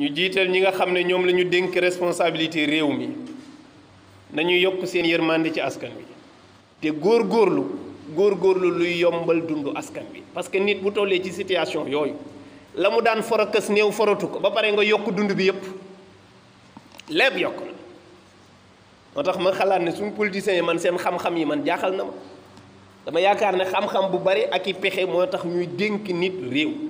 ñu jiital ñi nga xam ne ñoom lañu dénk responsabilité réew mi nañu yokk seen yërmande ci askan bi te góor góorlu góor góorlu luy yombal dundu askan bi parce que nit bu tollee ci situation yooyu la mu daan foro kës néew foratu ko ba pare nga yokk dund bi yépp lépp yokk moo tax ma xalaat ne suñ politiciens man seen xam-xam yi man jaaxal na ma dama yaakaar ne xam-xam bu bari ak i pexe moo tax ñuy dénk nit réew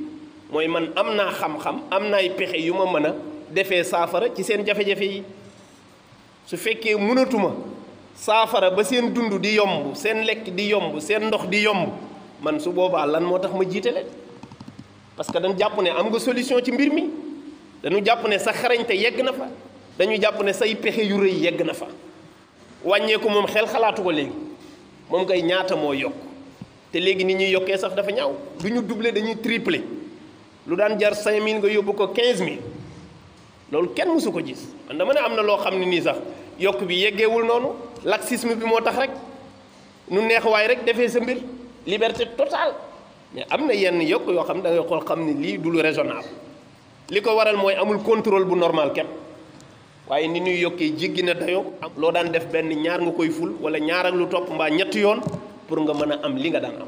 mooy man am naa xam-xam am naay pexe yu ma mën a defee saafara ci seen jafe-jafe yi su fekkee mënatuma saafara ba seen dund di yomb seen lekk di yomb seen ndox di yomb man su boobaa lan moo tax ma jiitale leen parce que dañu jàpp ne am nga solution ci mbir mi dañu jàpp ne sa xarañte yegg na fa dañu jàpp ne say pexe yu rëy yegg na fa wàññeeku moom xel xalaatu ko léegi moom kay ñaata moo yokk te léegi nit ñuy yokkee sax dafa ñaaw du ñu doubler dañuy tripler lu daan jar 5000 nga yóbbu ko 15000 loolu kenn mësu ko gis man dama ne am na loo xam ne nii sax yokk bi yeggeewul noonu laxisme bi moo tax rek nu neex waaye rek defee sa mbir liberté totale mais am na yenn yokk yoo xam ne da ngay xool xam ne lii du lu raisonnable li ko waral mooy amul contrôle bu normal kenn waaye ni ñuy yokkee jéggi na dayoo loo daan def benn ñaar nga koy ful wala ñaar ak lu topp mbaa ñetti yoon pour nga mën a am li nga daan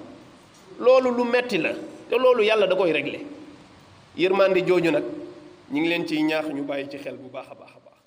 loolu lu metti la te loolu yàlla da koy régler yërmande jooju nag ñu ngi leen ciy ñaax ñu bàyyi ci xel bu baax a baax a baax